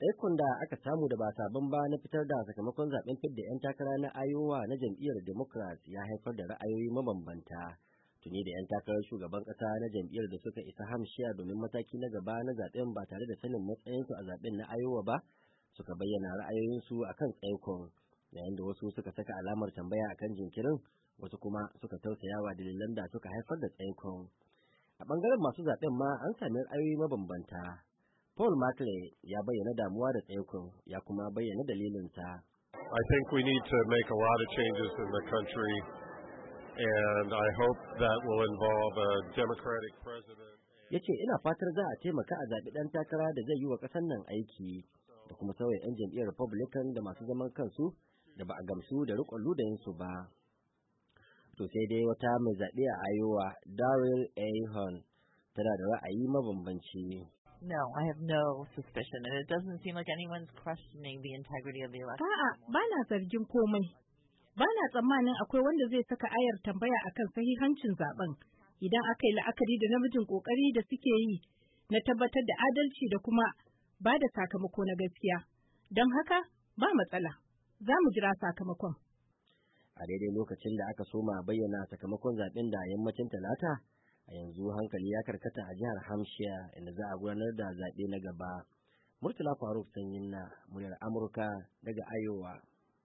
Tsaikon da aka samu da ba sabon ba na fitar da sakamakon zaben fidda 'yan takara na ayowa na jam'iyyar Democrat ya haifar da ra'ayoyi mabambanta. Tuni da 'yan takarar shugaban ƙasa na jam'iyyar da suka isa hamshiya domin mataki na gaba na zaben ba tare da sanin matsayinsu a zaben na ayowa ba, suka bayyana ra'ayoyinsu kan tsaikon. Yayin da wasu suka saka alamar tambaya a kan jinkirin, wasu kuma suka tausayawa dalilan da suka haifar da tsaikon. A ɓangaren masu zaben ma an sami ra'ayoyi mabambanta. Paul Matley ya bayyana damuwa da tsaikon ya kuma bayyana dalilinsa. I think we need to make a lot of changes in the country and I hope that will involve a democratic president. Ya ce ina fatar za a taimaka a zaɓi ɗan takara da zai yi wa ƙasar nan aiki da kuma sauya 'yan jam'iyyar Republican da masu zaman kansu da ba a gamsu da riƙon ludayinsu ba. To sai dai wata mai zaɓe a Iowa, Daryl Ahern, tana da ra'ayi mabambanci. No, I have no suspicion, and it doesn't seem like anyone's questioning the integrity of the election. A'a, ba na zargin komai. Ba na tsammanin akwai wanda zai saka ayar tambaya akan sahihancin zaben idan aka yi la'akari da namijin kokari da suke yi na tabbatar da adalci da kuma ba da sakamako na gaskiya. Don haka ba matsala, za mu jira sakamakon. A daidai lokacin da aka soma bayyana sakamakon zaben da yammacin talata, a yanzu hankali ya karkata a jihar Hampshire inda za a gudanar da zaɓe na gaba. Murtala Faruk Sanyin na muryar Amurka daga ayowa.